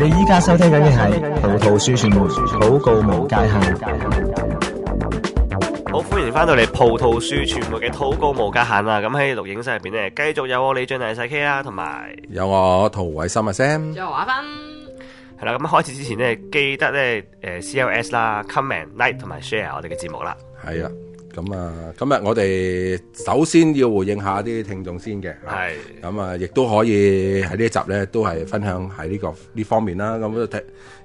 你依家收聽緊嘅係《葡萄樹傳媒禱告無界限》，好歡迎翻到嚟《葡萄樹傳媒嘅禱告無界限》啊！咁喺錄影室入邊呢，繼續有我李俊大細 K 啦，同埋有我陶偉森阿 Sam，有畫分。係啦，咁開始之前呢，記得咧誒，CLS 啦，Comment like、Like 同埋 Share 我哋嘅節目啦。係啊。咁啊，今日我哋首先要回應下啲聽眾先嘅，係，咁是啊，亦都可以喺呢一集咧，都係分享喺呢、這個呢方面啦，咁都睇。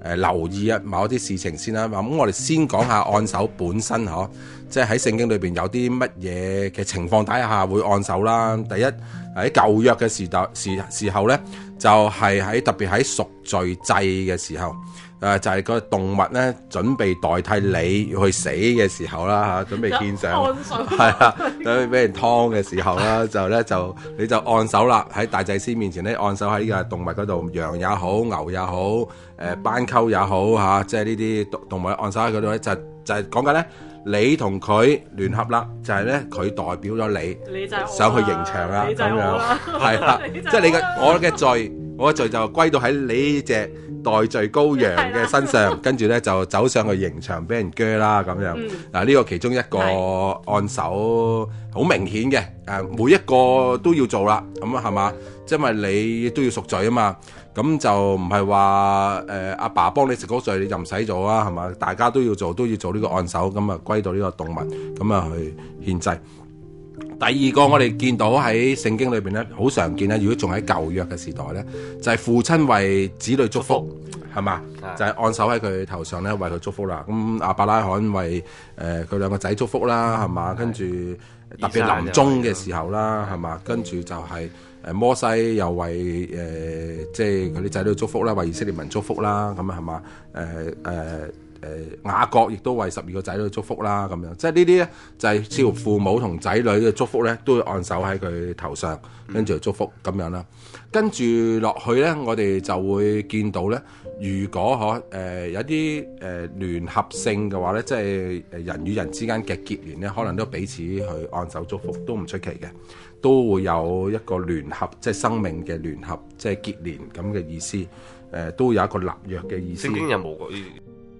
誒、呃、留意啊，某一啲事情先啦、啊。咁、嗯、我哋先講下按手本身呵、啊，即係喺聖經裏面有啲乜嘢嘅情況底下會按手啦。第一喺舊約嘅時代時時候咧，就係喺特別喺贖罪祭嘅時候。時時候誒就係個動物咧，準備代替你去死嘅時候啦嚇、啊，準備獻上，係啊，俾手 人劏嘅時候啦，就咧就你就按手啦，喺大祭司面前咧按手喺呢個動物嗰度，羊也好，牛也好，誒、呃、斑鳩也好即係呢啲動物按手喺嗰度咧，就是、就係講緊咧，你同佢聯合啦，就係咧佢代表咗你，你就想去刑場啦咁樣，係啦，即係、啊、你嘅我嘅罪，我嘅罪就歸到喺你隻。代罪羔羊嘅身上，是的 跟住呢就走上去刑場俾人鋸啦咁樣。嗱呢、嗯、個其中一個按手，好是明顯嘅。誒每一個都要做啦，咁啊係嘛？即、就、為、是、你都要贖罪啊嘛，咁就唔係話誒阿爸幫你食嗰罪，你就唔使做啊，係嘛？大家都要做，都要做呢個按手，咁啊歸到呢個動物，咁啊去獻祭。第二個，嗯、我哋見到喺聖經裏邊咧，好常見啦。如果仲喺舊約嘅時代咧，就係、是、父親為子女祝福，係嘛？就係按手喺佢頭上咧，吧為佢祝福啦。咁亞伯拉罕為誒佢、呃、兩個仔祝福啦，係嘛吧？是吧跟住特別臨終嘅時候啦，係嘛吧？是吧跟住就係誒摩西又為誒即係佢啲仔女祝福啦，為以色列民祝福啦，咁係嘛？誒、呃、誒。呃誒雅各亦都為十二個仔女祝福啦，咁樣即係呢啲咧就係似乎父母同仔女嘅祝福咧，都會按手喺佢頭上，跟住祝福咁樣啦。跟住落去咧，我哋就會見到咧，如果可誒有啲誒聯合性嘅話咧，即係誒人與人之間嘅結連咧，可能都彼此去按手祝福都唔出奇嘅，都會有一個聯合，即係生命嘅聯合，即係結連咁嘅意思。誒都有一個立約嘅意思。聖經有冇？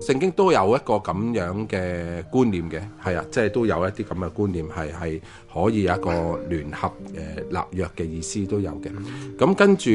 聖經都有一個咁樣嘅觀念嘅，係啊，即係都有一啲咁嘅觀念係係可以有一個聯合誒、呃、立約嘅意思都有嘅。咁跟住，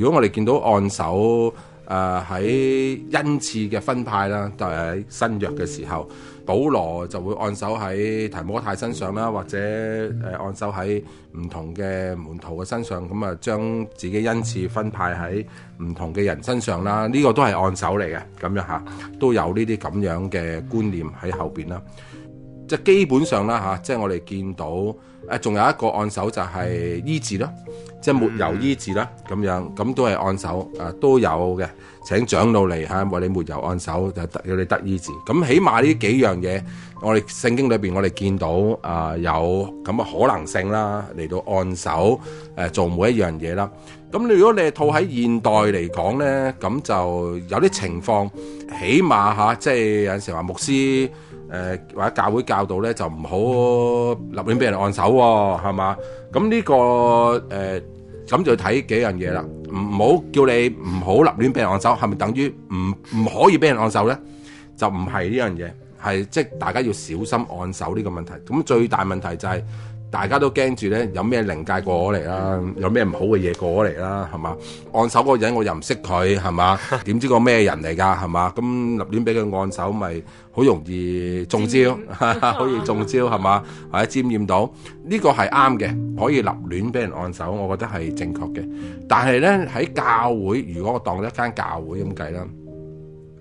如果我哋見到按手。誒喺、呃、恩賜嘅分派啦，就係、是、喺新約嘅時候，保羅就會按手喺提摩太身上啦，嗯、或者誒、呃、按手喺唔同嘅門徒嘅身上，咁啊將自己恩賜分派喺唔同嘅人身上啦，呢、這個都係按手嚟嘅，咁樣嚇、啊、都有呢啲咁樣嘅觀念喺後邊啦。即、啊、係基本上啦嚇，即、啊、係、就是、我哋見到誒，仲、啊、有一個按手就係醫治囉。啊即係抹油醫治啦，咁樣咁都係按手，啊都有嘅。請長老嚟吓、啊、為你抹油按手，就得要你得醫治。咁起碼呢幾樣嘢，我哋聖經裏面，我哋見到啊有咁嘅可能性啦，嚟到按手誒、啊、做每一樣嘢啦。咁你如果你係套喺現代嚟講咧，咁就有啲情況，起碼嚇、啊、即係有陣時話牧師。誒、呃、或者教會教導咧就唔好立亂俾人按手喎、哦，係嘛？咁呢、這個誒咁、呃、就睇幾樣嘢啦。唔好叫你唔好立亂俾人按手，係咪等於唔唔可以俾人按手咧？就唔係呢樣嘢，係即係大家要小心按手呢個問題。咁最大問題就係、是。大家都驚住咧，有咩靈界過咗嚟啦，有咩唔好嘅嘢過咗嚟啦，係嘛？按手個人我又唔識佢，係嘛？點知個咩人嚟㗎？係嘛？咁立亂俾佢按手，咪好容易中招，可以染 中招係嘛？或者 沾染到呢、這個係啱嘅，可以立亂俾人按手，我覺得係正確嘅。但係咧喺教會，如果我當一間教會咁計啦，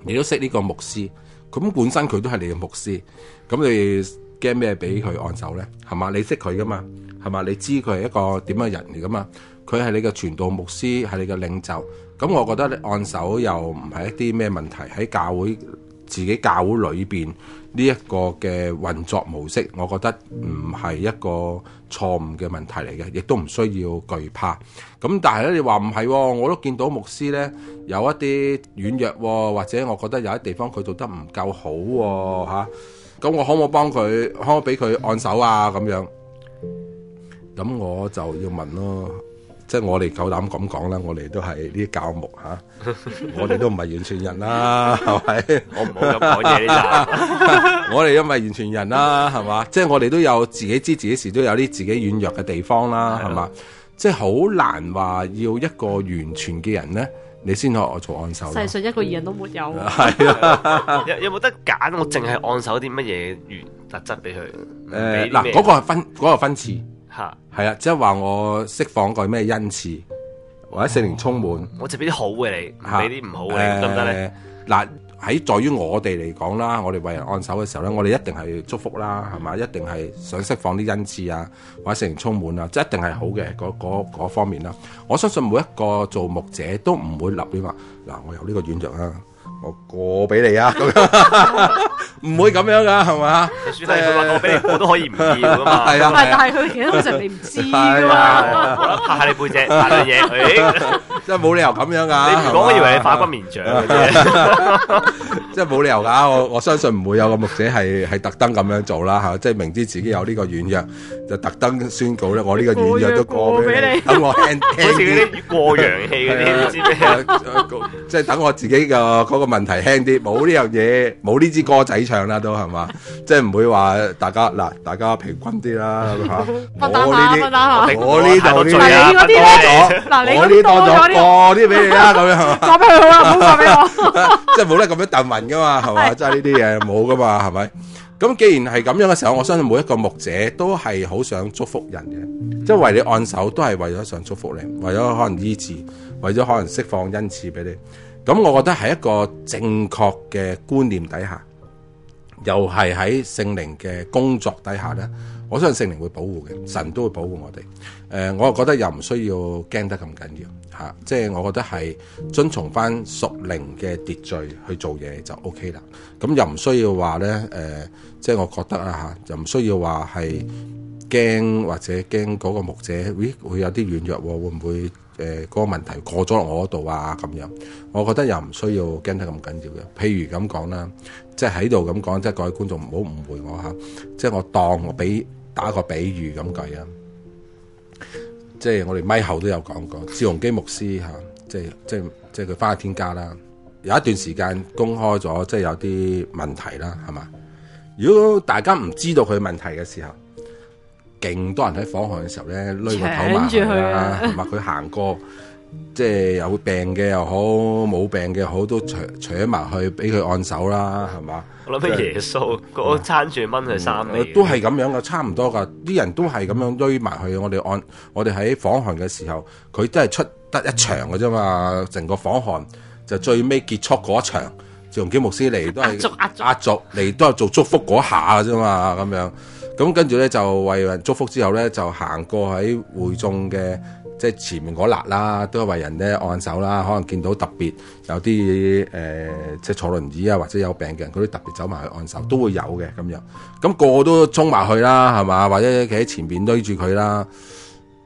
你都識呢個牧師，咁本身佢都係你嘅牧師，咁你。驚咩？俾佢按手咧，係嘛？你識佢噶嘛？係嘛？你知佢係一個點樣人嚟噶嘛？佢係你嘅傳道牧師，係你嘅領袖。咁我覺得你按手又唔係一啲咩問題。喺教會自己教會裏邊呢一個嘅運作模式，我覺得唔係一個錯誤嘅問題嚟嘅，亦都唔需要懼怕。咁但係咧，你話唔係，我都見到牧師咧有一啲軟弱，哦，或者我覺得有啲地方佢做得唔夠好，哦，吓。咁我可唔可以幫佢，可唔可以俾佢按手啊？咁樣，咁我就要問咯。即係我哋夠膽咁講啦，我哋都係呢啲教牧吓，啊、 我哋都唔係完全人啦、啊，係咪 吧？我唔好咁講嘢啦，我哋又唔係完全人啦、啊，係嘛？即係 我哋都有自己知自己事，都有啲自己軟弱嘅地方啦，係嘛？即係好難話要一個完全嘅人咧。你先學我做按手，世上一個異人都沒有。係啊， 啊 有有冇得揀？我淨係按手啲乜嘢原特質俾佢。誒，嗱、呃，嗰、嗰個係分，嗰個分次。吓，係啊，即係話我釋放個咩恩賜，或者四年充滿、哦。我就俾啲好嘅你，俾啲唔好嘅你得唔得咧？嗱、啊。喺在於我哋嚟講啦，我哋為人按手嘅時候咧，我哋一定係祝福啦，係嘛？一定係想釋放啲恩賜啊，或者聖靈充滿啊，即一定係好嘅嗰嗰嗰方面啦。我相信每一個做牧者都唔會立啲話，嗱，我有呢個軟弱啊。我過俾你啊！唔會咁樣噶，係咪？你算係佢話過俾你，我都可以唔要啊嘛。係啊，但係佢其實通常你唔知㗎嘛。拍下你背脊，拍下嘢，真係冇理由咁樣噶。你唔講，我以為你化骨綿掌嘅啫。真係冇理由㗎。我我相信唔會有個牧者係係特登咁樣做啦嚇。即係明知自己有呢個軟弱，就特登宣告咧，我呢個軟弱都過俾你。等我聽聽啲過洋氣嗰啲，你知唔知啊？即係等我自己個嗰個。問題輕啲，冇呢樣嘢，冇呢支歌仔唱啦，都係嘛，即係唔會話大家嗱，大家平均啲啦吓。我呢啲，我呢就呢個，嗱，你呢個呢個，嗱，我呢個呢個播啲俾你啦，咁樣。播俾佢，唔好播俾我。即係冇得咁樣彈勻噶嘛，係嘛，即係呢啲嘢冇噶嘛，係咪？咁既然係咁樣嘅時候，我相信每一個牧者都係好想祝福人嘅，即係為你按手，都係為咗想祝福你，為咗可能醫治，為咗可能釋放恩賜俾你。咁，我覺得喺一個正確嘅觀念底下，又係喺聖靈嘅工作底下呢，我相信聖靈會保護嘅，神都會保護我哋。呃，我覺得又唔需要驚得咁緊要嚇，即係我覺得係遵從翻屬靈嘅秩序去做嘢就 OK 啦。咁、啊、又唔需要話呢、呃，即係我覺得啊又唔需要話係。驚或者驚嗰個牧者，咦會有啲軟弱、哦，會唔會誒嗰、呃那個問題過咗落我嗰度啊？咁樣，我覺得又唔需要驚得咁緊要嘅。譬如咁講啦，即係喺度咁講，即係各位觀眾唔好誤會我吓、啊，即係我當我畀打個比喻咁計啊，即係我哋咪後都有講過，趙宏基牧師吓、啊，即係即係即係佢返去天家啦，有一段時間公開咗，即係有啲問題啦，係嘛？如果大家唔知道佢問題嘅時候，勁多人喺訪韓嘅時候咧，攞個頭埋去啦，係嘛？佢行過，即係有病嘅又好，冇病嘅好都扯扯埋去，俾佢按手啦，係嘛？我諗起耶穌個、就是啊、餐住蚊係三咩？都係咁樣嘅，差唔多噶，啲人都係咁樣攰埋去。我哋按我哋喺訪韓嘅時候，佢都係出得一場噶啫嘛。成個訪韓就最尾結束嗰一場，就經牧師嚟都係壓軸嚟，都係做祝福嗰下噶啫嘛，咁樣。咁跟住咧就為人祝福之後咧，就行過喺會中嘅即係前面嗰攤啦，都係為人咧按手啦。可能見到特別有啲誒、呃，即係坐輪椅啊，或者有病嘅人，啲特別走埋去按手，都會有嘅咁樣。咁、那個個都衝埋去啦，係嘛？或者企喺前面堆住佢啦。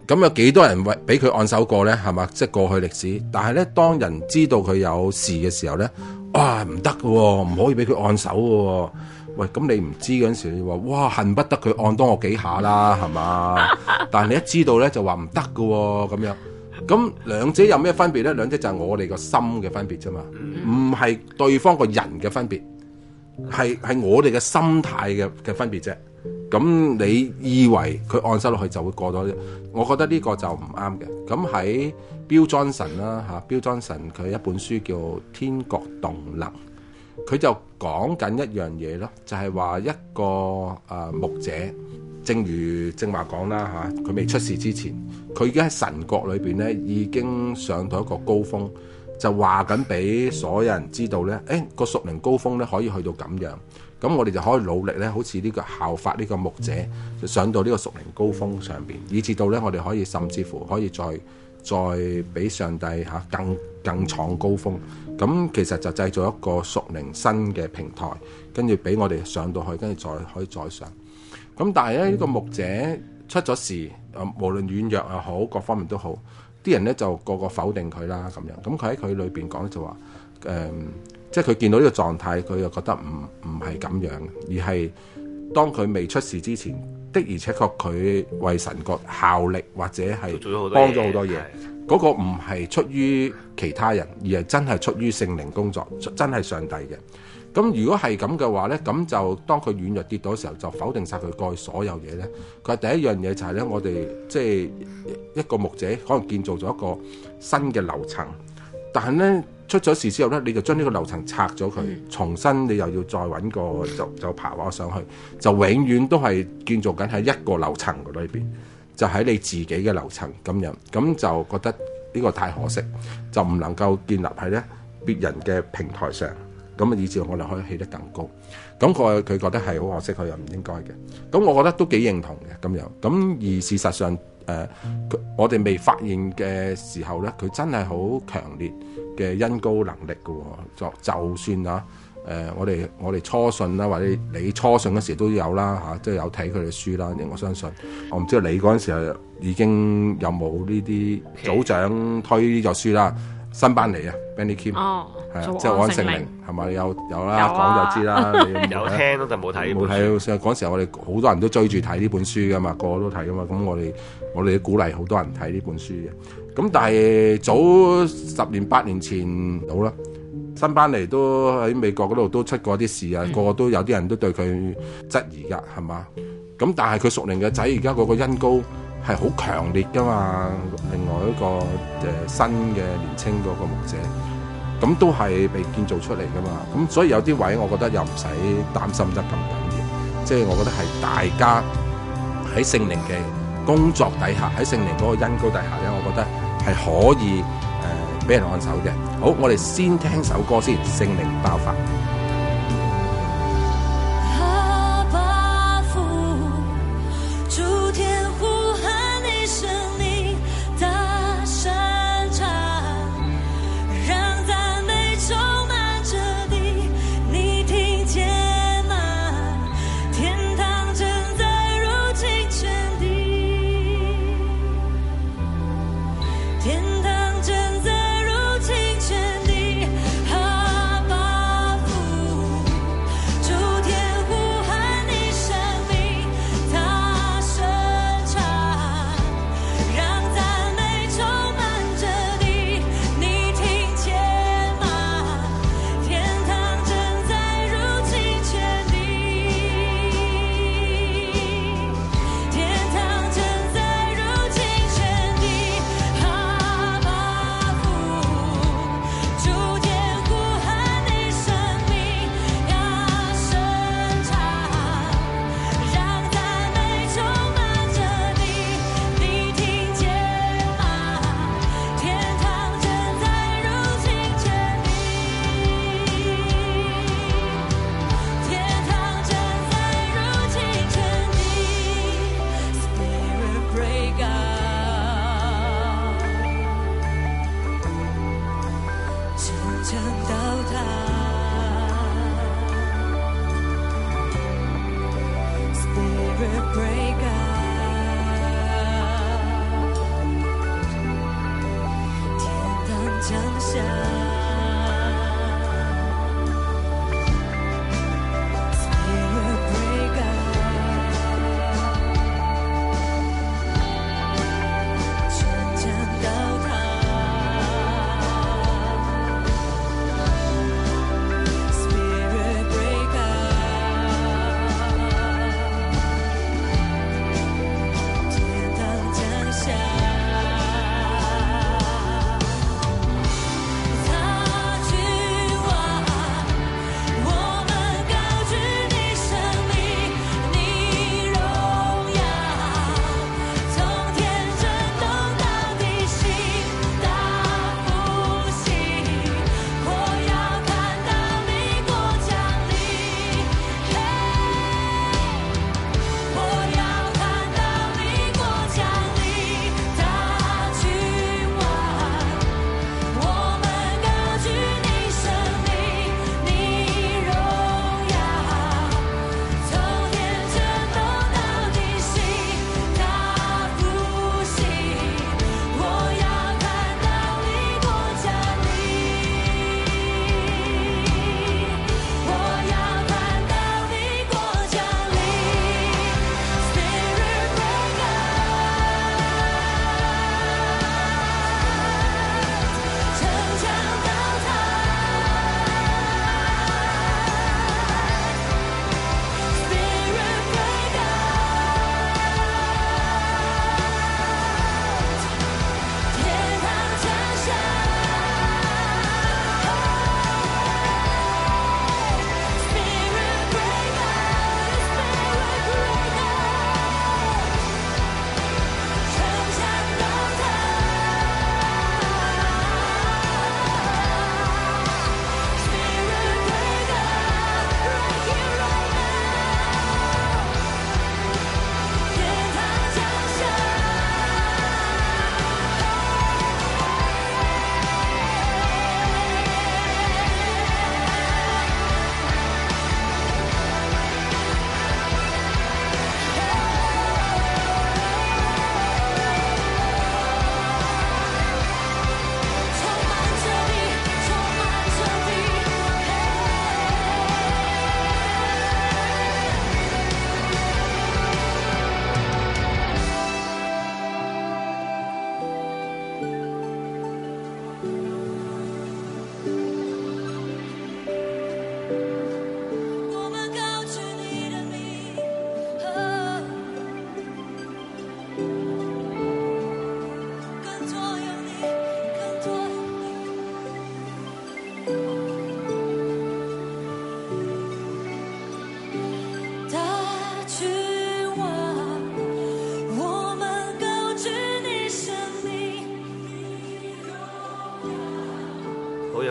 咁有幾多人為俾佢按手過咧？係嘛？即、就、係、是、過去歷史。但係咧，當人知道佢有事嘅時候咧，哇！唔得嘅喎，唔可以俾佢按手喎、哦。喂，咁你唔知嗰陣時你話哇，恨不得佢按多我幾下啦，係嘛？但係你一知道咧，就話唔得㗎喎，咁樣。咁兩者有咩分別咧？兩者就係我哋個心嘅分別啫嘛，唔係對方個人嘅分別，係係我哋嘅心態嘅嘅分別啫。咁你以為佢按收落去就會過咗？我覺得呢個就唔啱嘅。咁喺標莊臣啦嚇，標莊臣佢一本書叫《天國動能》。佢就講緊一樣嘢咯，就係話一個誒牧者，正如正話講啦嚇，佢未出事之前，佢已經喺神國裏邊咧，已經上到一個高峰，就話緊俾所有人知道咧，誒個屬靈高峰咧可以去到咁樣，咁我哋就可以努力咧，好似呢個效法呢個牧者，就上到呢個屬靈高峰上邊，以至到咧我哋可以甚至乎可以再再俾上帝嚇更更創高峰。咁其實就製造一個熟靈新嘅平台，跟住俾我哋上到去，跟住再可以再上。咁但係咧，呢個，嗯，牧者出咗事，無論軟弱又好，各方面都好，啲人咧就個個否定佢啦咁樣。咁佢喺佢裏面講就話，誒、嗯，即係佢見到呢個狀態，佢又覺得唔唔係咁樣，而係當佢未出事之前，的而且確佢為神國效力或者係幫咗好多嘢。嗰個唔係出於其他人，而係真係出於聖靈工作，真係上帝嘅。咁如果係咁嘅話呢，咁就當佢軟弱跌倒嘅時候，就否定晒佢過去所有嘢。呢佢第一樣嘢就係呢：我哋即係一個牧者，可能建造咗一個新嘅樓層，但係呢，出咗事之後呢，你就將呢個樓層拆咗佢，重新你又要再揾個就就爬上去，就永遠都係建造緊喺一個樓層嗰度裏邊就喺你自己嘅樓層咁樣，咁就覺得呢個太可惜，就唔能夠建立喺呢別人嘅平台上，咁啊，以至我哋可以起得更高。咁佢佢覺得係好可惜，佢又唔應該嘅。咁我覺得都幾認同嘅咁樣。咁而事實上，誒、呃，我哋未發現嘅時候呢，佢真係好強烈嘅因高能力嘅喎，就就算啊。誒、呃，我哋我哋初信啦，或者你初信嗰時候都有啦，嚇、啊，即、就、係、是、有睇佢哋書啦。我相信，我唔知道你嗰陣時候已經有冇呢啲組長推就書啦。Okay. 新班嚟啊 Benny Kim，係啊、哦，是即係安勝明，係咪有有啦？有啊、講就知道啦你沒有、啊。有聽咯，就冇睇。冇睇，上嗰時候我哋好多人都追住睇呢本書㗎嘛，個個都睇㗎嘛。咁我哋、嗯、我哋都鼓勵好多人睇呢本書嘅。咁但係早十年八年前到啦。新班嚟都喺美國嗰度都出過啲事啊，個個都有啲人都對佢質疑㗎，係嘛？咁但係佢屬靈嘅仔而家嗰個恩膏係好強烈噶嘛，另外一個誒、呃、新嘅年青嗰個牧者，咁都係被建造出嚟㗎嘛。咁所以有啲位我覺得又唔使擔心得咁緊要，即係我覺得係大家喺聖靈嘅工作底下，喺聖靈嗰個恩膏底下咧，我覺得係可以。俾人按手嘅，好，我哋先聽首歌先，《性命爆發。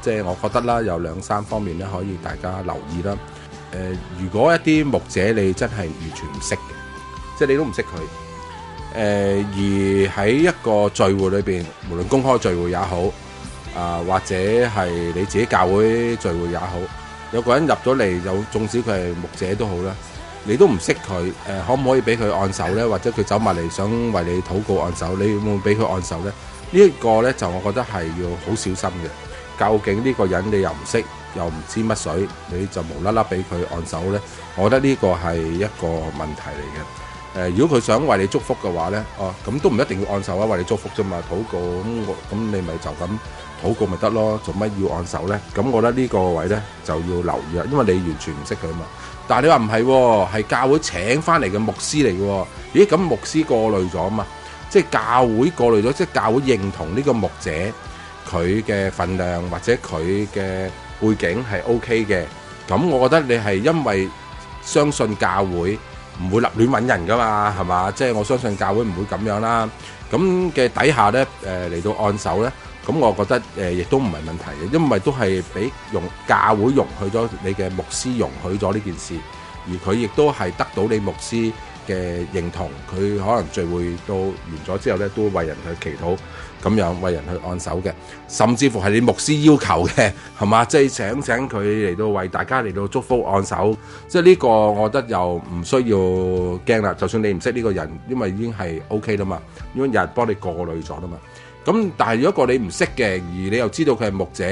即係我覺得啦，有兩三方面咧，可以大家留意啦。誒，如果一啲牧者你真係完全唔識嘅，即係你都唔識佢誒，而喺一個聚會裏邊，無論公開聚會也好啊，或者係你自己教會聚會也好，有個人入咗嚟，有，縱使佢係牧者都好啦，你都唔識佢誒，可唔可以俾佢按手咧？或者佢走埋嚟想為你禱告按手，你會唔會俾佢按手咧？呢一個咧就我覺得係要好小心嘅。究竟呢個人你又唔識，又唔知乜水，你就無啦啦俾佢按手呢？我覺得呢個係一個問題嚟嘅。誒，如果佢想為你祝福嘅話呢，哦，咁都唔一定要按手啊，為你祝福啫嘛，禱告咁我咁你咪就咁禱告咪得咯，做乜要按手呢？咁我覺得呢個位呢就要留意啦，因為你完全唔識佢啊嘛。但係你話唔係喎，係教會請翻嚟嘅牧師嚟嘅。咦？咁牧師過濾咗啊嘛，即係教會過濾咗，即係教會認同呢個牧者，佢嘅份量或者佢嘅背景係 OK 嘅，咁我覺得你係因為相信教會唔會立亂揾人噶嘛，係嘛？即係我相信教會唔會咁樣啦。咁嘅底下咧，誒嚟到按手咧，咁我覺得誒亦都唔係問題嘅，因為都係俾容教會容許咗你嘅牧師容許咗呢件事，而佢亦都係得到你牧師嘅認同，佢可能聚會到完咗之後咧，都會為人去祈禱。咁樣為人去按手嘅，甚至乎係你牧師要求嘅，係嘛？即係請請佢嚟到為大家嚟到祝福按手，即係呢個我覺得又唔需要驚啦。就算你唔識呢個人，因為已經係 OK 啦嘛，因為有人幫你過濾咗啦嘛。咁但係如果個你唔識嘅，而你又知道佢係牧者。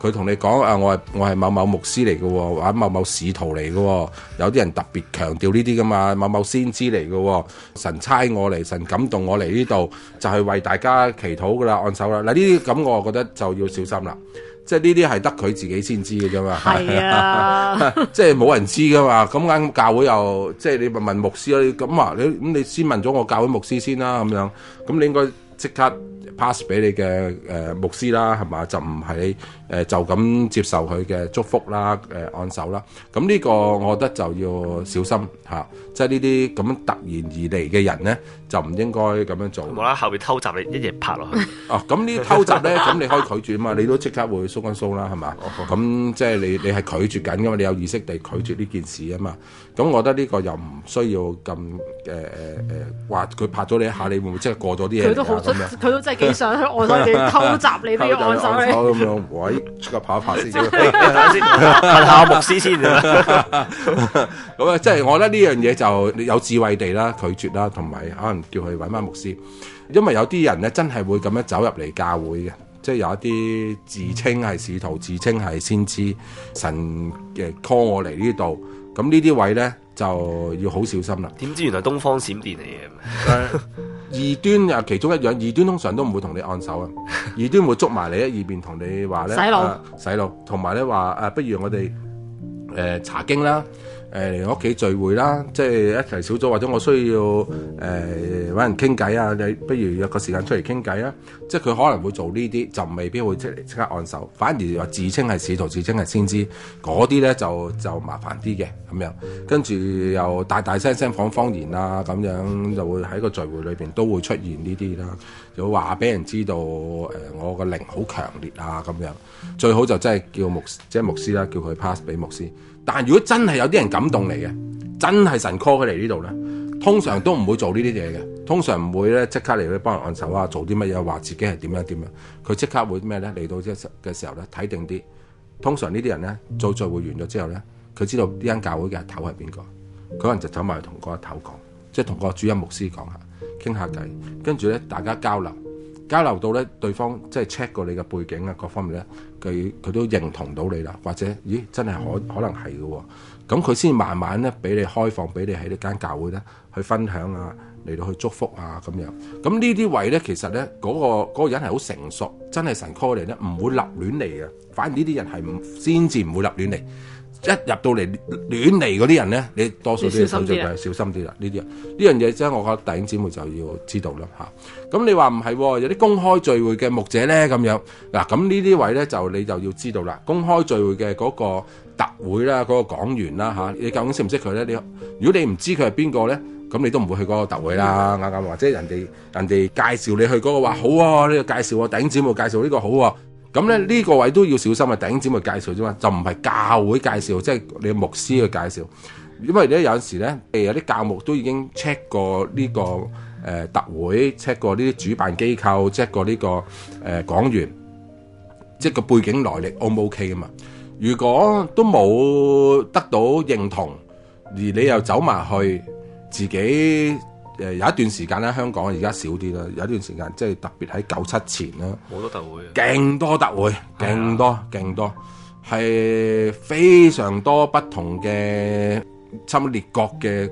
佢同你講啊，我係我係某某牧師嚟嘅，喎、啊、某某使徒嚟嘅，有啲人特別強調呢啲噶嘛，某某先知嚟嘅，神差我嚟，神感動我嚟呢度，就係為大家祈禱噶啦，按手啦，嗱，呢啲咁我覺得就要小心啦，即係呢啲係得佢自己先知嘅啫嘛，係是啊 即，即係冇人知噶嘛，咁啱教會又即係你問問牧師呀，咁啊你咁你，你先問咗我教會牧師先啦，咁樣，咁你應該即刻。pass 俾你嘅誒、呃、牧師啦，係嘛？就唔係你誒就咁接受佢嘅祝福啦、誒、呃、按手啦。咁呢個我覺得就要小心嚇，即係呢啲咁突然而嚟嘅人咧，就唔應該咁樣做。冇啦，後面偷襲你一嘢拍落去。哦、啊，咁呢偷襲咧，咁你可以拒絕啊嘛？ 你都即刻會縮一縮啦，係嘛？咁即係你你係拒絕緊，因為你有意識地拒絕呢件事啊嘛？咁我覺得呢個又唔需要咁誒誒誒話，佢、呃、拍咗你一下，你會唔會即係過咗啲嘢？佢都好，佢都真。幾想去按手？偷襲你都要按手。咁樣，喂， 出街跑一跑先。先， 問 下牧師先。咁啊， 即係我覺得呢樣嘢就有智慧地啦，拒絕啦，同埋可能叫佢揾翻牧師，因為有啲人咧真係會咁樣走入嚟教會嘅，即係有一啲自稱係使徒，自稱係先知神嘅 call 我嚟呢度，咁呢啲位咧就要好小心啦。點知原來東方閃電嚟嘅？謝謝 異端又其中一樣，異端通常都唔會同你按手啊， 異端會捉埋你，二邊同你話咧洗腦路、啊，洗腦，同埋咧話誒，不如我哋誒、呃、查經啦。我屋企聚會啦，即係一齊小組，或者我需要誒揾、呃、人傾偈啊！你不如約個時間出嚟傾偈啊！即係佢可能會做呢啲，就未必會即刻按手，反而話自稱係使徒，自稱係先知嗰啲咧就就麻煩啲嘅咁樣，跟住又大大聲聲講方言啊咁樣，就會喺個聚會裏面都會出現呢啲啦，就話俾人知道、呃、我個靈好強烈啊咁樣，最好就真係叫牧即係牧師啦，叫佢 pass 俾牧師。但如果真係有啲人感動嚟嘅，真係神 call 佢嚟呢度咧，通常都唔會做呢啲嘢嘅，通常唔會咧即刻嚟去幫人按手啊，做啲乜嘢話自己係點樣點樣，佢即刻會咩咧嚟到即嘅時候咧睇定啲，通常呢啲人咧做聚會完咗之後咧，佢知道呢間教會嘅頭係邊個，佢可能就走埋去同嗰個頭講，即係同個主任牧師講下傾下偈，跟住咧大家交流。交流到咧，對方即係 check 過你嘅背景啊，各方面咧，佢佢都認同到你啦，或者咦，真係可可能係嘅喎，咁佢先慢慢咧俾你開放，俾你喺呢間教會咧去分享啊，嚟到去祝福啊咁樣，咁呢啲位咧，其實咧嗰個嗰個人係好成熟，真係神 call 你咧，唔會立亂嚟嘅，反而呢啲人係唔先至唔會立亂嚟。一入到嚟亂嚟嗰啲人咧，你多數都要小心啲啦，小心啲啦，呢啲人呢樣嘢啫，我覺得弟兄姊妹就要知道啦嚇。咁你話唔係，有啲公開聚會嘅牧者咧咁樣嗱，咁呢啲位咧就你就要知道啦。公開聚會嘅嗰個特會啦，嗰個講員啦嚇，你究竟識唔識佢咧？你如果你唔知佢係邊個咧，咁你都唔會去嗰個特會啦。啱唔啱？或者人哋人哋介紹你去嗰個話好喎，呢個介紹我弟兄姊妹介紹呢個好喎。咁咧呢個位都要小心啊！頂尖去介紹啫嘛，就唔係教會介紹，即係你牧師去介紹。因為咧有時咧，誒有啲教牧都已經 check 過呢個誒特會，check 過呢啲主辦機構，check 過呢個誒講員，即係個背景來歷 O 唔 OK 嘅嘛？如果都冇得到認同，而你又走埋去自己。誒有一段時間咧，香港而家少啲啦。有一段時間，即係特別喺九七前啦，好多特會、啊，勁多特會，勁多勁多，係非常多不同嘅差唔多列國嘅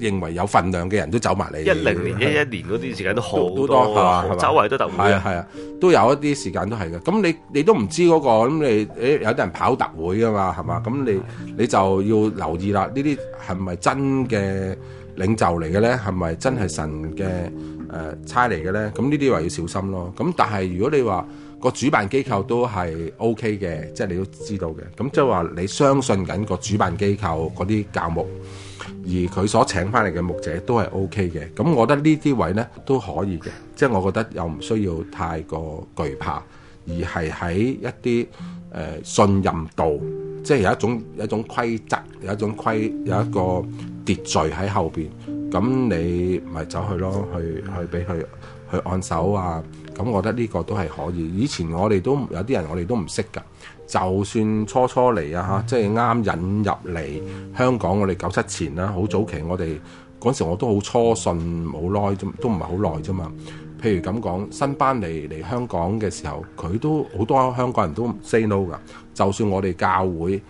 認為有份量嘅人都走埋嚟。一零年、一一是、啊、年嗰啲時間都好多，係嘛？周圍都特會啊，係啊，都有一啲時間都係嘅。咁你你都唔知嗰、嗰個咁你誒有啲人跑特會噶嘛，係嘛？咁你你就要留意啦。呢啲係咪真嘅？領袖嚟嘅咧，係咪真係神嘅誒差嚟嘅咧？咁、呃、呢啲話要小心咯。咁但係如果你話、個主辦機構都係 OK 嘅，即係你都知道嘅。咁即係話你相信緊個主辦機構嗰啲教牧，而佢所請翻嚟嘅牧者都係 OK 嘅。咁我覺得呢啲位咧都可以嘅，即係我覺得又唔需要太過懼怕，而係喺一啲誒、呃、信任度，即係有一種一種規則，有一種規有一個。秩序喺後面，咁你咪走去咯，去去俾佢去，去，去按手啊！咁我覺得呢個都係可以。以前我哋都有啲人，我哋都唔識㗎。就算初初嚟啊，嚇，即係啱引入嚟香港，我哋九七前啦，好早期我，我哋嗰時我都好初信，冇耐啫，都唔係好耐啫嘛。譬如咁講，新班嚟嚟香港嘅時候，佢都好多香港人都 say no 㗎。就算我哋教會。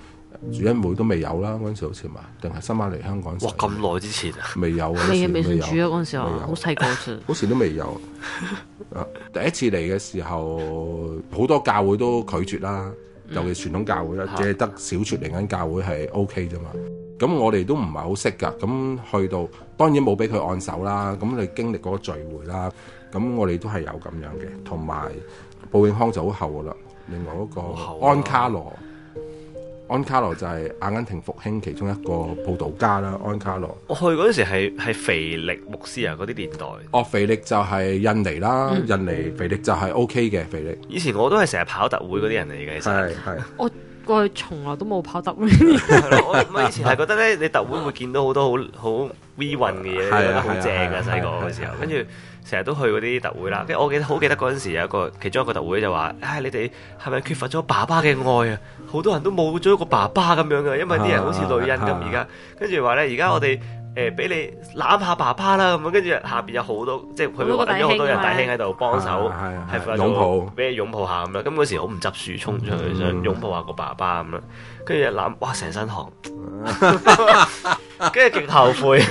主恩會都未有啦，嗰陣時好似嘛，定係新嚟嚟香港？哇！咁耐之前啊，未有啊，係啊，未存主啊，嗰陣時好細個啫。嗰時都未有。第一次嚟嘅時候，好多教會都拒絕啦，尤其是傳統教會啦，嗯、只係得少數嚟緊教會係 O K 啫嘛。咁、啊、我哋都唔係好識㗎。咁去到當然冇俾佢按手啦。咁你經歷嗰個聚會啦，咁我哋都係有咁樣嘅。同埋布永康就好厚㗎啦。另外嗰個安卡羅。安卡羅就係阿根廷復興其中一個佈道家啦，安卡羅。我去嗰陣時係肥力牧師啊嗰啲年代。哦，肥力就係印尼啦，嗯、印尼肥力就係 O K 嘅肥力。以前我都係成日跑特會嗰啲人嚟嘅，嗯、其實係係。我過去從來都冇跑特會。 我以前係覺得咧，你特會會見到好多好好，好嘅嘢覺得好正啊！細個嗰時候，跟住成日都去嗰啲特會啦。跟住我記得好記得嗰陣時有一個其中一個特會就話：唉，你哋係咪缺乏咗爸爸嘅愛啊？好多人都冇咗個爸爸咁樣嘅，因為啲人好似女人咁而家。跟住話咧，而家我哋誒俾你攬下爸爸啦咁樣。跟住下邊有好多即係佢好多人弟兄喺度幫手，係擁抱俾你擁抱下咁樣。咁嗰時好唔執輸，衝出去想擁抱下個爸爸咁樣。跟住就攬，哇！成身汗。跟住勁後悔，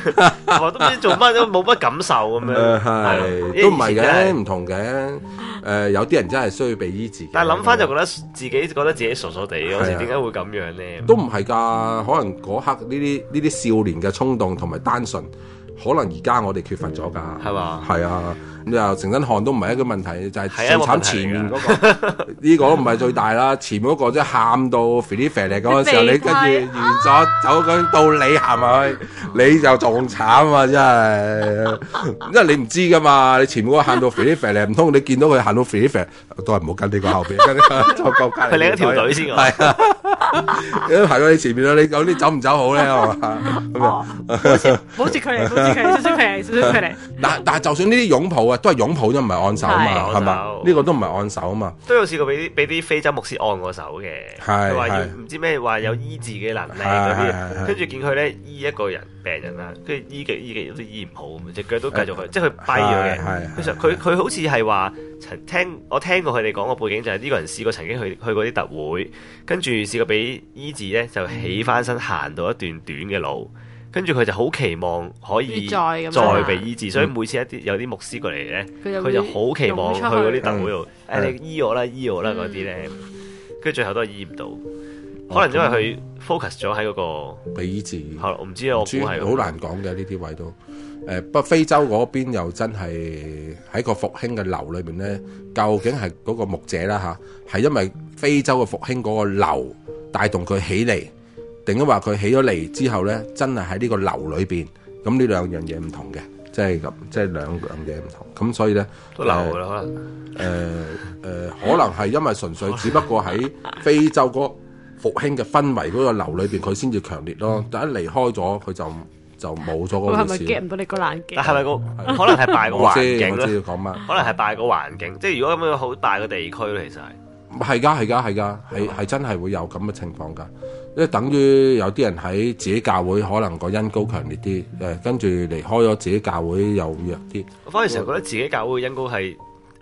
我 都唔知做乜都冇乜感受咁樣。誒 的都唔係嘅，唔同嘅、 呃。有啲人真係需要俾醫治。但諗翻就覺得自己， 覺得自己覺得自己傻傻地，好似點解會咁樣咧？都唔係㗎，可能嗰刻呢啲呢啲少年嘅衝動同埋單純。可能而家我哋缺乏咗㗎，係嘛吧？係啊，咁又成身汗都唔係一個問題，就係、是，最慘前面嗰，那個，呢個都唔係最大啦。 前面嗰個即係喊到肥啲肥嚟咁嘅時候，你，你跟住完咗，啊，走緊到你行埋去，你就仲慘啊！真係，因為你唔知㗎嘛，你前面嗰個喊到肥啲肥嚟，唔通你見到佢喊到肥啲肥啲，都係唔好跟呢個後面，跟佢另一條隊先喎。係啊。 你排到你前面啦，你有啲走唔走好咧？係嘛？保持保持距離，保持距離，離。但但係，就算呢啲擁抱啊，都係擁抱都唔係按手嘛，係嘛？呢個都唔係按手嘛。都有試過俾啲俾啲非洲牧師按過手嘅，係係，唔知咩話有醫治嘅能力嗰啲，跟住見佢咧醫一個人病人啦，跟住醫極醫極都醫唔好，隻腳都繼續去，即係佢跛咗嘅。佢佢好似係話，曾聽我聽過佢哋講個背景就係呢個人試過曾經去去過啲特會。跟住試過俾醫治咧，就起翻身行、嗯、到一段短嘅路，跟住佢就好期望可以再被醫治，嗯、所以每次一啲有啲牧師過嚟咧，佢就好期望去嗰啲特會度，誒你醫我啦，醫我啦嗰啲咧，跟住、嗯、最後都係醫唔到。可能因為佢 focus 咗喺嗰、那個比字，係唔知道我好難講嘅呢啲位置都。誒、呃，不過非洲嗰邊又真係喺個復興嘅樓裏面咧，究竟係嗰個牧者啦吓，係、啊、因為非洲嘅復興嗰個樓帶動佢起嚟，定抑話佢起咗嚟之後咧，真係喺呢個樓裏邊，咁呢兩樣嘢唔同嘅，即係咁，即係兩樣嘢唔同。咁所以咧，樓啦可能，誒誒，可能係、呃呃呃呃、因為純粹只不過喺非洲嗰、那個。復興嘅氛圍嗰個樓裏面，佢先至強烈咯。嗯、但一離開咗，佢就就冇咗嗰個。我係咪 get 唔到你個冷鏡？係咪個？是的可能係大個環境咧。可能係大個環境，即係如果咁樣好大個地區其實係。係㗎，係㗎，係㗎，係真係會有咁嘅情況㗎。因為等於有啲人喺自己教會可能個恩膏強烈啲，誒跟住離開咗自己教會又弱啲。我反而成日覺得自己教會恩膏係。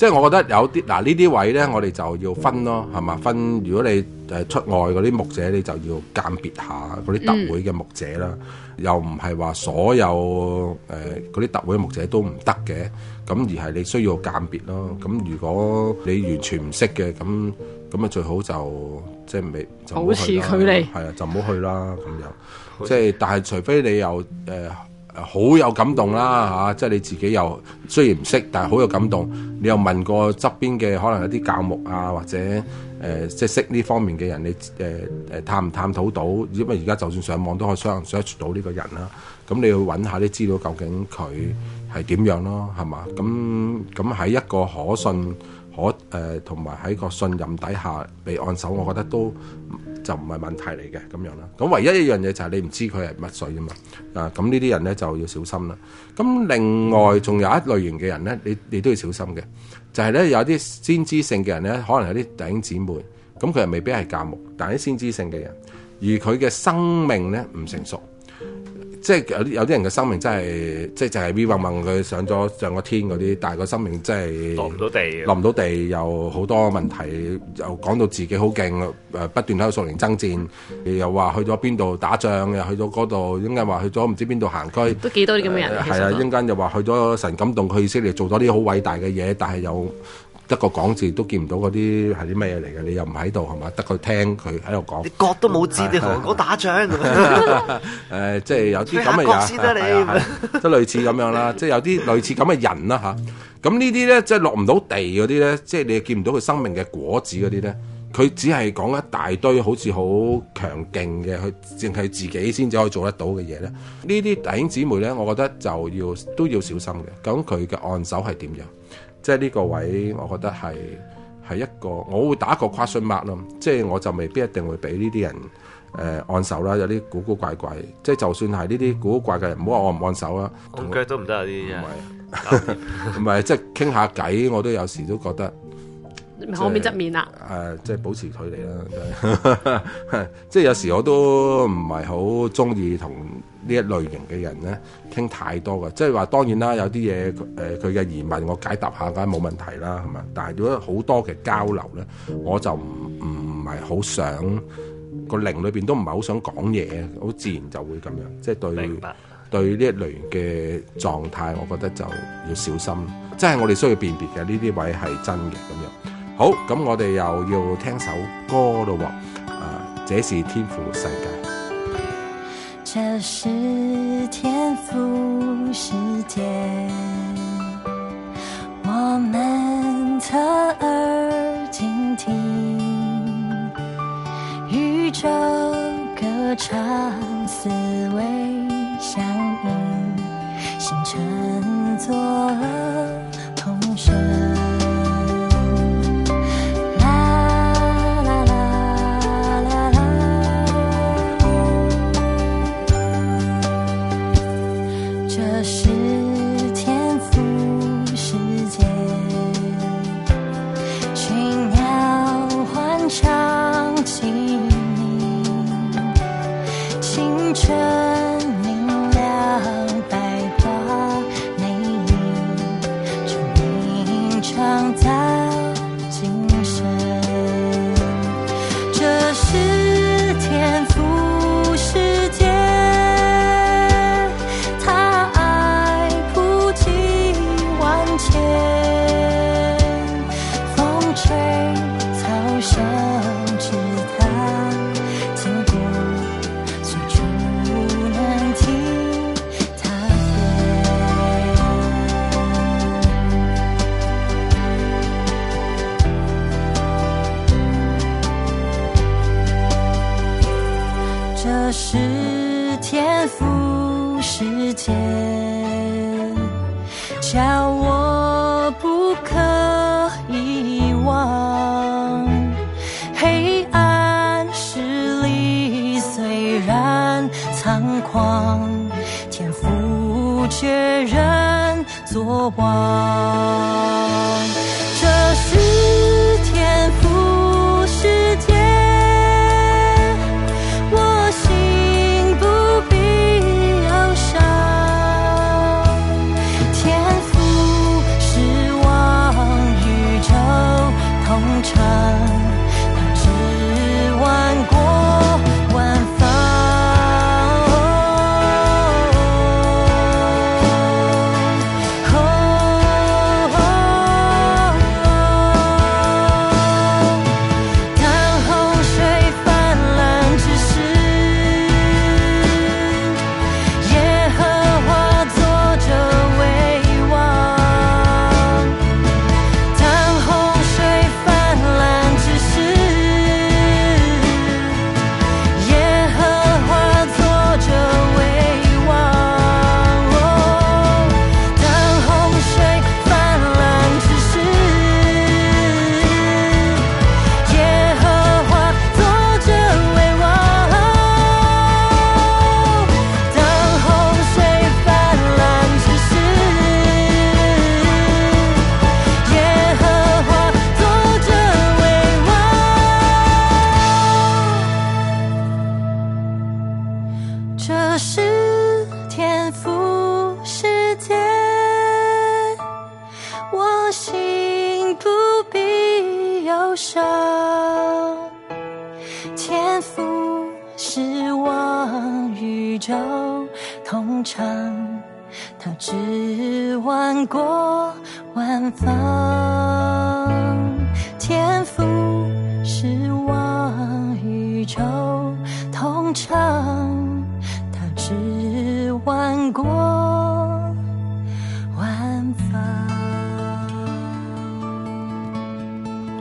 即係我覺得有啲嗱，呢啲位咧，我哋就要分咯，係嘛？分如果你出外嗰啲牧者，你就要鑑別下嗰啲特會嘅牧者啦。嗯、又唔係話所有嗰啲特會嘅牧者都唔得嘅，咁而係你需要鑑別咯。咁如果你完全唔識嘅，咁咁啊最好就即係未保持距離，係啊，就唔好去啦。咁又即係，像但係除非你有誒。呃好有感動啦嚇、啊，即係你自己又雖然唔識，但係好有感動。你又問過側邊嘅可能有啲教牧啊，或者誒、呃、即係識呢方面嘅人，你誒誒、呃、探唔探討到？因為而家就算上網都可以 search 到呢個人啦、啊。咁你去揾下啲資料，究竟佢係點樣咯？係嘛？咁咁喺一個可信。我誒同埋喺個信任底下被按手，我覺得都就唔係問題嚟嘅咁樣啦。咁唯一一樣嘢就係你唔知佢係乜水啊嘛。啊，咁呢啲人咧就要小心啦。咁另外仲有一類型嘅人咧，你你都要小心嘅，就係咧有啲先知性嘅人咧，可能有啲弟兄姊妹，咁佢又未必係教牧；但係啲先知性嘅人，而佢嘅生命咧唔成熟。即係有啲有啲人嘅生命真係，即係就係 v i v 佢上咗上個天嗰啲，但係個生命真係落唔到地，地，落唔到地又好多問題，又講到自己好勁，不斷喺度屬靈爭戰，又話去咗邊度打仗，又去咗嗰度，一陣間話去咗唔知邊度行區，都幾多啲咁嘅人，係、呃、其實 啊，一陣間又話去咗神感動佢，識嚟做咗啲好偉大嘅嘢，但係又。得個講字都見唔到嗰啲係啲咩嘢嚟嘅？你又唔喺度係嘛？得佢聽佢喺度講，你角都冇知 你韓國打仗。誒， 即係有啲咁嘅嘢，即類似咁樣啦。即係 有啲類似咁嘅人啦吓，咁呢啲咧，即係落唔到地嗰啲咧，即係你見唔到佢生命嘅果子嗰啲咧。佢只係講一大堆好似好強勁嘅，佢淨係自己先至可以做得到嘅嘢咧。呢啲弟兄姊妹咧，我覺得就要都要小心嘅。咁佢嘅按手係點樣？即係呢個位，我覺得係係一個，我會打一個 question mark 咯。即係我就未必一定會俾呢啲人、呃、按手啦。有啲古古怪怪，即係就算係呢啲古古怪嘅人，唔好話按唔按手啦，按腳都唔得啊！啲唔係，唔係定 即係傾下偈，我都有時都覺得。後、就是、面側面啦、啊，誒、呃，即、就、係、是、保持距離啦，即係 有時候我都唔係好中意同呢一類型嘅人咧傾太多嘅，即係話當然啦，有啲嘢誒佢嘅疑問，我解答一下梗係冇問題啦，係嘛？但係如果好多嘅交流咧，我就唔唔係好想、那個靈裏邊都唔係好想講嘢，好自然就會咁樣，即、就、係、是、對對呢一類型嘅狀態，我覺得就要小心，即係我哋需要辨別嘅呢啲位係真嘅咁樣。好，咁我哋又要聽首歌咯，啊、呃，這是天父世界。這是天父世界，我們側耳傾聽，宇宙歌唱，四圍響應，星辰作樂、啊。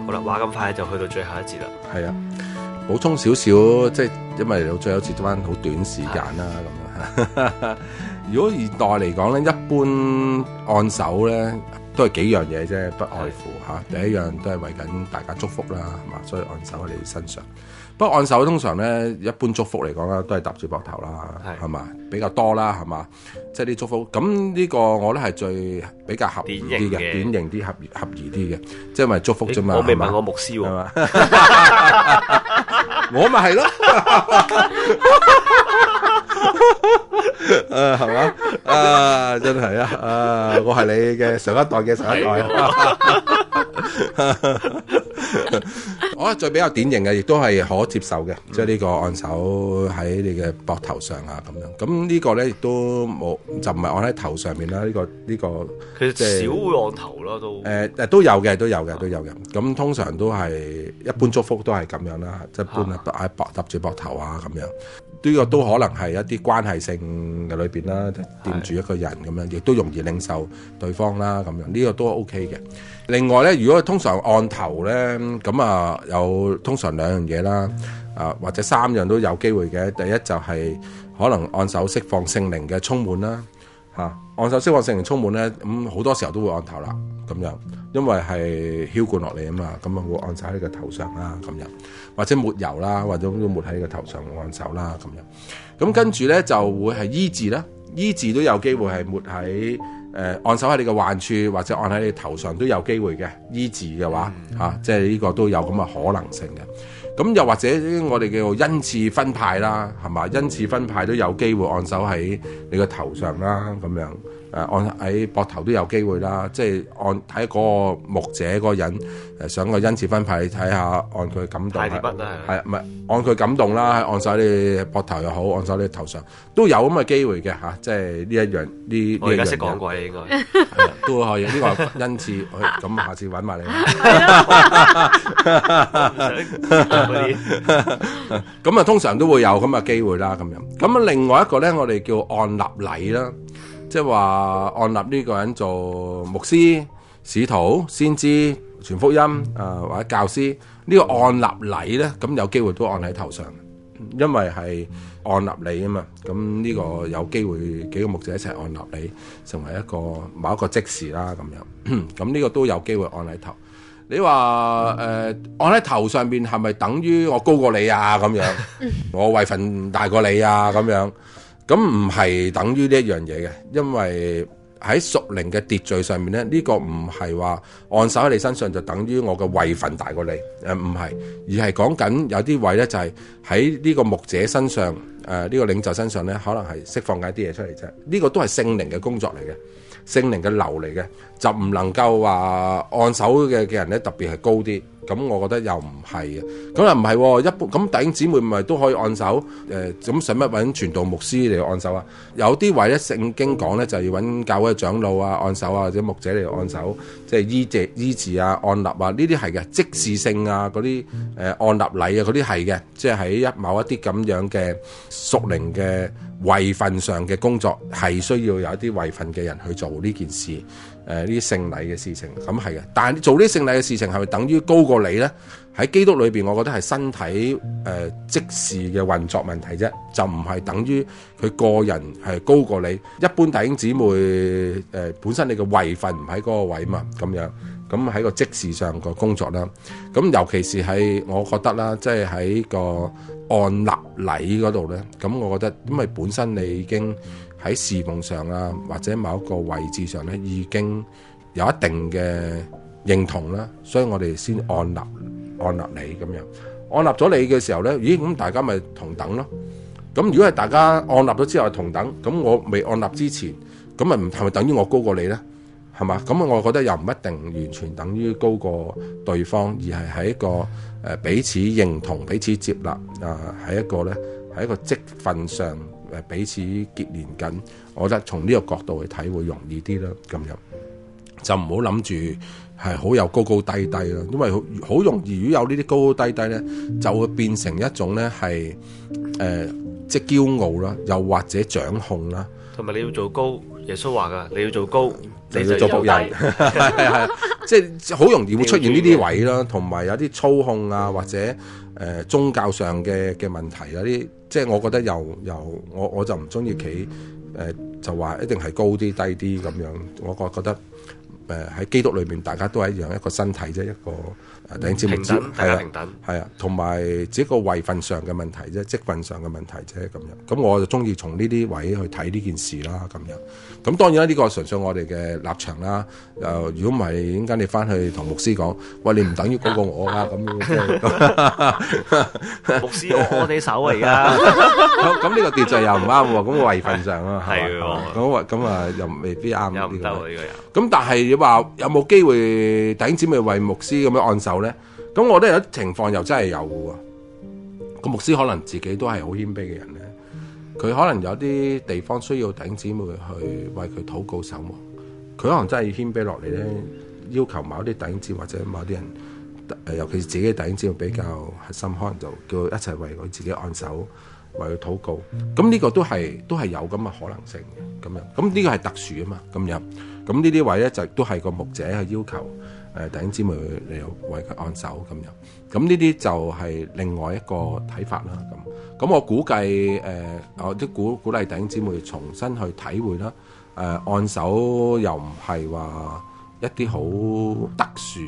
好啦，話咁快就去到最後一節啦。係啊，補充少少，即係因為到最後一節翻好短時間啦，咁樣 如果現代嚟講咧，一般按手咧都係幾樣嘢啫，不外乎吓、啊、第一樣都係為緊大家祝福啦，係嘛，所以按手喺你身上。不過按手通常咧，一般祝福嚟講啦，都係搭住膊頭啦，係嘛，比較多啦，係嘛，即係啲祝福。咁呢個我咧係最比較合宜啲嘅，典型啲合合宜啲嘅，即係咪祝福啫嘛？我未問我牧師喎，我咪係咯，誒係嘛？啊，真係啊，啊我係你嘅上一代嘅上一代。 我覺得最比較典型嘅，亦都係可接受嘅，嗯、即係呢個按手喺你嘅膊頭上啊，咁樣。咁呢個咧亦都冇，就唔係按喺頭上面啦。呢個呢個，這個、其實少是按頭啦，都誒誒都有嘅，都有嘅，都有嘅。咁、啊、通常都係一般祝福都係咁樣啦，即係搬啊擺白搭住膊頭啊咁樣。嗯呢個都可能係一啲關係性嘅裏邊啦，掂住一個人咁的樣，亦都容易領受對方啦咁樣，呢、這個都 OK 嘅。另外呢，如果通常按頭呢，咁啊有通常兩樣嘢啦，啊或者三樣都有機會嘅。第一就係可能按手釋放聖靈嘅充滿啦，嚇、啊、按手釋放聖靈充滿呢，咁、嗯、好多時候都會按頭啦，咁樣，因為係澆灌落嚟啊嘛，咁啊會按在你嘅頭上啦，咁樣。或者抹油啦，或者抹喺個頭上按手啦咁樣，咁跟住咧就會係醫治啦，醫治都有機會係抹喺，誒，按手喺你嘅患處，或者按喺你的頭上都有機會嘅醫治嘅話，吓、嗯，即係呢個都有咁嘅可能性嘅。咁又或者我哋叫做恩賜分派啦，係嘛？恩賜分派都有機會按手喺你個頭上啦，咁樣。誒，按喺膊頭都有機會啦，即係按睇嗰個牧者嗰個人誒，想佢恩賜分派，睇下按佢感動，大提筆都係，係唔係？按佢感動啦，按晒你膊頭又好，按晒你頭上都有咁嘅機會嘅吓，即係呢一樣呢呢樣嘢。我而家識講過啦，應該都可以呢個恩賜，咁下次揾埋你。咁啊，通常都會有咁嘅機會啦，咁樣。咁啊，另外一個咧，我哋叫按立禮啦。即係話按立呢個人做牧師、使徒、先知、傳福音，誒、呃、或者教師，呢、這個按立禮咧，咁有機會都按喺頭上，因為係按立你啊嘛。咁呢個有機會幾個牧者一齊按立你，成為一個某一個職事啦咁樣。咁呢個都有機會按喺頭。你話誒、呃、按喺頭上邊係咪等於我高過你啊？咁樣，我位份大過你啊？咁樣。咁唔係等於呢一樣嘢嘅，因為喺屬靈嘅秩序上面咧，呢個唔係話按手喺你身上就等於我嘅位份大過你，誒唔係，而係講緊有啲位咧就係喺呢個牧者身上，誒呢個領袖身上咧，可能係釋放緊一啲嘢出嚟啫。呢個都係聖靈嘅工作嚟嘅，聖靈嘅流嚟嘅，就唔能夠話按手嘅嘅人咧特別係高啲。咁我覺得又唔係嘅，咁又唔係喎。一般咁弟兄姊妹咪都可以按手，誒咁使乜揾傳道牧師嚟按手啊？有啲為咗聖經講咧，就要揾教會嘅長老啊、按手啊或者牧者嚟按手，即係醫治醫治啊、按立啊，呢啲係嘅即時性啊，嗰啲誒按立禮啊，嗰啲係嘅，即係喺一某一啲咁樣嘅屬靈嘅位份上嘅工作，係需要有一啲位份嘅人去做呢件事。誒呢啲聖禮嘅事情咁係嘅，但係做呢啲聖禮嘅事情係咪等於高過你咧？喺基督裏邊，我覺得係身體誒、呃、即時嘅運作問題啫，就唔係等於佢個人係高過你。一般弟兄姊妹誒、呃、本身你嘅位份唔喺嗰個位嘛，咁樣咁喺、嗯、個即時上個工作啦。咁、嗯、尤其是喺我覺得啦，即係喺個按立禮嗰度咧，咁、嗯、我覺得因為本身你已經。喺侍奉上啊，或者某一個位置上咧，已經有一定嘅認同啦，所以我哋先按立，按立你咁樣，按立咗你嘅時候咧，咦咁大家咪同等咯？咁如果係大家按立咗之後同等，咁我未按立之前，咁咪唔係咪等於我高過你咧？係嘛？咁我覺得又唔一定完全等於高過對方，而係喺一個誒彼此認同、彼此接納啊，喺一個咧，喺一個職份上。誒，彼此結連緊，我覺得從呢個角度去睇會容易啲啦。咁樣就唔好諗住係好有高高低低啦，因為好容易如果有呢啲高高低低咧，就會變成一種咧係、呃、即係驕傲啦，又或者掌控啦。同埋你要做高，耶穌話噶，你要做高，你要做僕人。低 即係好容易會出現呢啲位咯，同埋有啲操控啊，嗯、或者誒、呃、宗教上嘅嘅問題有、啊、啲，即係我覺得又又我我就唔中意企誒，就話一定係高啲低啲咁樣，我覺覺得誒喺、呃、基督裏面，大家都係一樣一個身體啫，一個平等係等啊，平等係啊，同埋只一個位份上嘅問題啫，職份上嘅問題啫咁樣，咁我就中意從呢啲位去睇呢件事啦，咁樣。咁當然啦，呢個純粹我哋嘅立場啦。誒，如果唔係，陣間你翻去同牧師講，喂，你唔等於嗰個我啊？咁牧師握我哋手啊，而家咁呢個秩序又唔啱喎。咁為份上啦，係啊，咁為咁啊，又未必啱。有唔得呢個人？咁但係你話有冇機會等姊妹為牧師咁樣按手咧？咁我覺得有情況，又真係有嘅喎。個牧師可能自己都係好謙卑嘅人咧。佢可能有啲地方需要頂子妹去為佢禱告守望，佢可能真係要謙卑落嚟咧，要求某啲頂子或者某啲人，呃，尤其是自己嘅頂子比較核心，可能就叫佢一齊為佢自己按手，為佢禱告。咁呢個都係都係有咁嘅可能性嘅，咁樣。咁呢個係特殊啊嘛，咁樣。咁呢啲位咧就都係個牧者嘅要求。誒弟兄姊妹，你又為佢按手咁樣，咁呢啲就係另外一個睇法啦。咁，咁我估計誒，我鼓鼓勵弟兄姊妹重新去體會啦。誒，按手又唔係話一啲好特殊，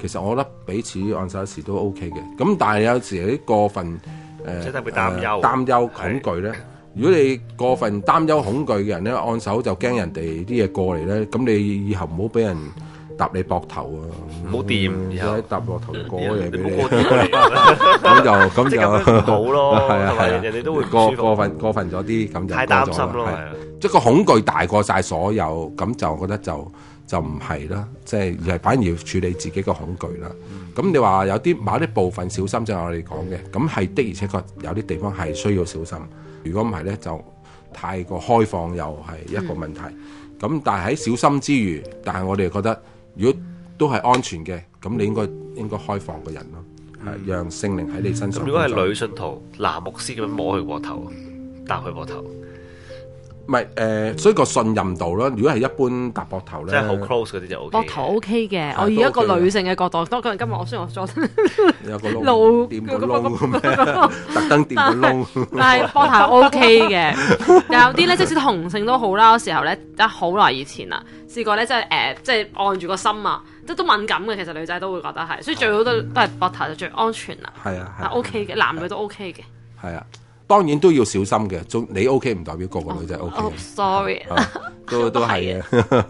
其實我覺得彼此按手時都 O K 嘅。咁但係有時有啲過分誒誒擔憂、恐懼咧，如果你過分擔憂、恐懼嘅人咧，按手就驚人哋啲嘢過嚟咧，咁你以後唔好俾人。揼你膊頭啊！唔好掂，我喺揼落頭過嚟嗰啲，咁就咁就唔好咯。係啊係，人哋都會過過份過份咗啲，咁就太擔心咯。係，即個恐懼大過晒所有，咁就我覺得就就唔係啦。即係，而係反而要處理自己個恐懼啦。咁你話有啲某啲部分小心，就係我哋講嘅。咁係的而且確有啲地方係需要小心。如果唔係咧，就太過開放又係一個問題。咁但係喺小心之餘，但係我哋又覺得。如果都係安全嘅，咁你應該應該開放個人，嗯、讓聖靈喺你身上，嗯。如果係女信徒，拿牧師咁樣摸佢個頭，搭佢個頭。唔係誒，所以個信任度啦。如果係一般搭膊頭咧，即係好 close 嗰啲就 O K。膊頭 O K 嘅，我以一個女性嘅角度，多嗰今日我雖然我裝露點個窿，特登點個窿，但係膊頭 O K 嘅。有啲咧，即使同性都好啦。有時候咧，啊好耐以前啦，試過咧，即係誒，即係按住個心啊，即都敏感嘅。其實女仔都會覺得係，所以最好都都係膊頭就最安全啦。係啊，OK 嘅，男女都 OK 嘅。係啊。當然都要小心嘅，你 O K 唔代表個個女仔 O K 嘅，sorry，都都係嘅，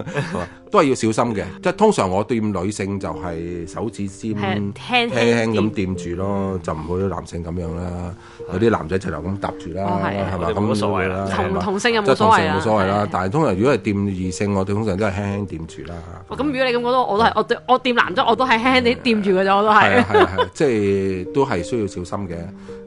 都係要小心嘅。即通常我掂女性就係手指尖輕輕咁掂住咯，就唔會有男性咁樣啦。有啲男仔就頭咁搭住啦，係咪？咁冇所謂啦。同同性又冇所謂啦，冇所謂啦。但係通常如果係掂異性，我哋通常都係輕輕掂住啦。咁如果你咁講都，我都係我我掂男都，我都係輕輕啲掂住嘅啫，我都係。係係，即係都係需要小心嘅。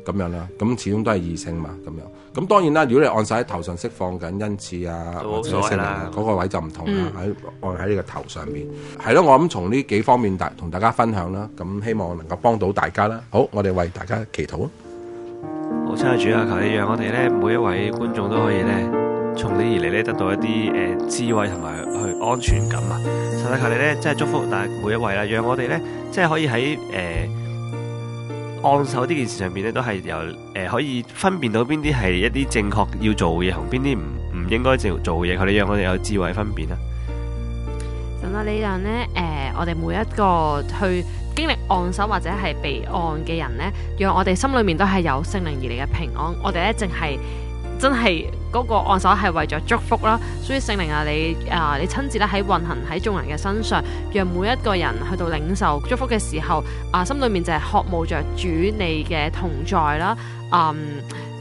咁樣啦，咁始終都係異性嘛，咁樣。咁當然啦，如果你按晒喺頭上釋放緊恩賜啊，或者嗰個位就唔同啦，喺、嗯、按喺呢個頭上邊。係咯，我諗從呢幾方面大同大家分享啦。咁希望能夠幫到大家啦。好，我哋為大家祈禱好，親愛的主啊，求你讓我哋咧每一位觀眾都可以咧從你而嚟咧得到一啲誒、呃、智慧同埋去安全感啊！實在求你咧真係祝福但每一位啦，啊，讓我哋咧即係可以喺誒。呃按手呢件事上邊咧，都係由誒可以分辨到邊啲係一啲正確要做嘅嘢，同邊啲唔唔應該做做嘅嘢。佢哋讓我哋有智慧分辨啦。咁啊，呢樣咧，誒，我哋每一個去經歷按手或者係被按嘅人咧，讓我哋心裏面都係有聖靈而嚟嘅平安。我哋咧淨係。真係嗰、那個按手係為咗祝福啦，所以聖靈啊，你啊、呃，你親自咧喺運行喺眾人嘅身上，讓每一個人去到領受祝福嘅時候，啊、呃，心裏面就係渴慕着主你嘅同在啦，呃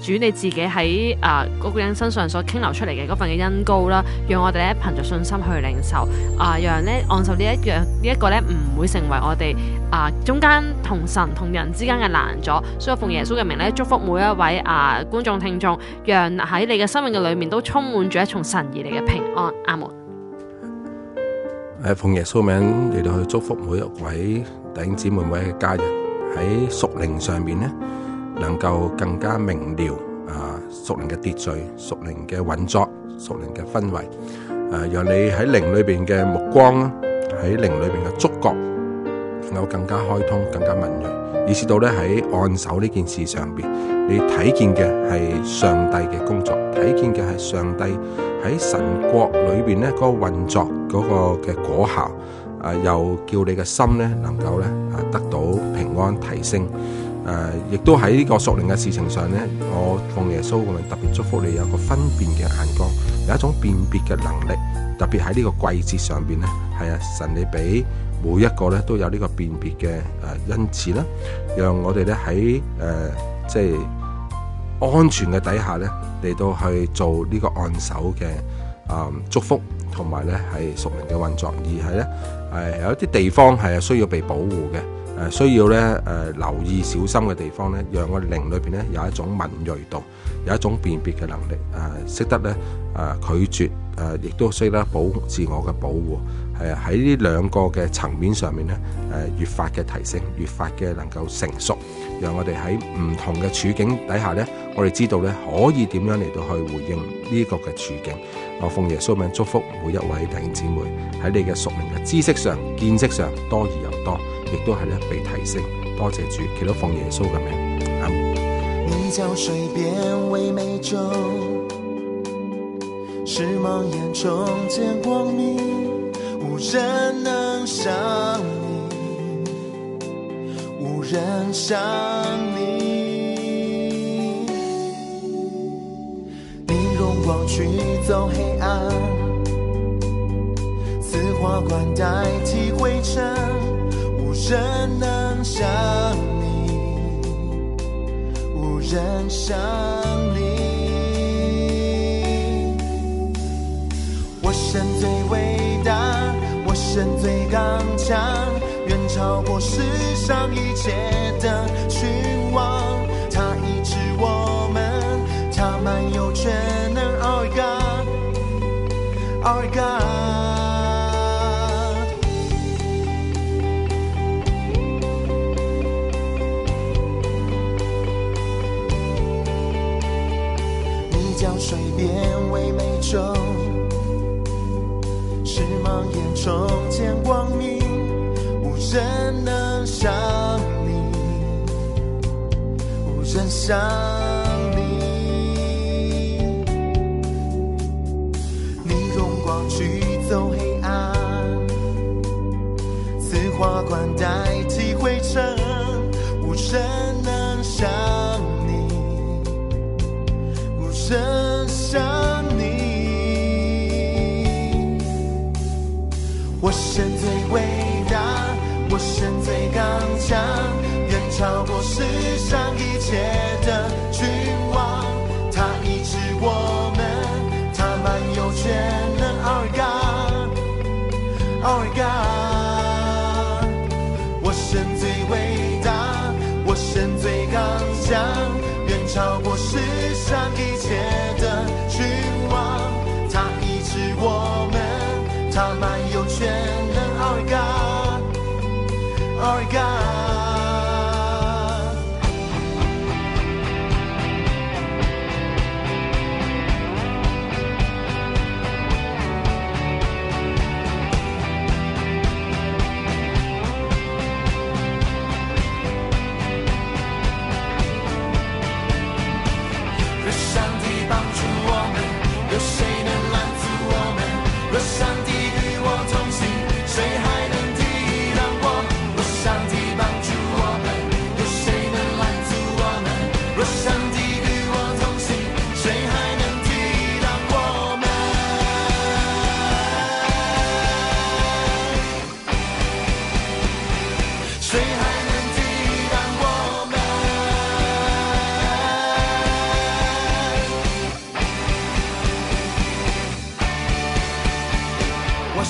主你自己喺啊嗰個人身上所傾流出嚟嘅嗰份嘅恩膏啦，讓我哋咧憑着信心去領受啊、呃，讓咧按受呢一樣呢一個咧唔會成為我哋啊、呃、中間同神同人之間嘅攔阻，所以奉耶穌嘅名咧祝福每一位啊、呃、觀眾聽眾，讓喺你嘅生命嘅裏面都充滿住一重神而嚟嘅平安，阿門。誒，奉耶穌名你哋去祝福每一位弟兄姊妹、每位家人喺屬靈上面咧。能夠更加明瞭啊，屬靈嘅秩序、屬靈嘅運作、屬靈嘅氛圍，誒、啊，讓你喺靈裏邊嘅目光，喺靈裏邊嘅觸覺，能夠更加開通、更加敏銳，意識到咧喺按手呢件事上邊，你睇見嘅係上帝嘅工作，睇見嘅係上帝喺神國裏邊咧、那個運作嗰、那個嘅果效，誒、啊，又叫你嘅心咧能夠咧啊得到平安提升。誒、呃，亦都喺呢個屬靈嘅事情上咧，我奉耶穌嘅名特別祝福你有一個分辨嘅眼光，有一種辨別嘅能力。特別喺呢個季節上邊咧，係啊神你俾每一個咧都有呢個辨別嘅誒恩賜啦，讓我哋咧喺誒即係安全嘅底下咧嚟到去做呢個按手嘅啊、呃、祝福，同埋咧係屬靈嘅運作。而係咧係有一啲地方係需要被保護嘅。誒、呃、需要咧誒、呃、留意小心嘅地方咧，讓我靈裏邊咧有一種敏鋭度，有一種辨別嘅能力，誒、呃、識得咧誒、呃、拒絕，誒、呃、亦都識得保自我嘅保護，誒喺呢兩個嘅層面上面咧，誒、呃、越發嘅提升，越發嘅能夠成熟。讓我哋喺唔同嘅處境底下咧，我哋知道咧可以點樣嚟到去回應呢個嘅處境。我奉耶穌名祝福每一位弟兄姊妹喺你嘅屬靈嘅知識上、見識上多而又多，亦都係咧被提升。多謝主，祈禱奉耶穌嘅名，阿門。無人像你，你榮光驅走黑暗，似花冠代替灰塵，無人能像你，無人像你，我神最偉大，我神最剛強。超過世上一切的尋望，他醫治我們，他滿有權能。Our God 你將水變為美酒，是盲眼重見光明。無人能像你，無人像你。你用光驅走黑暗，此花冠代替灰塵。無人能像你，無人像你。我身最微。我心最剛強，遠超過世上一切的。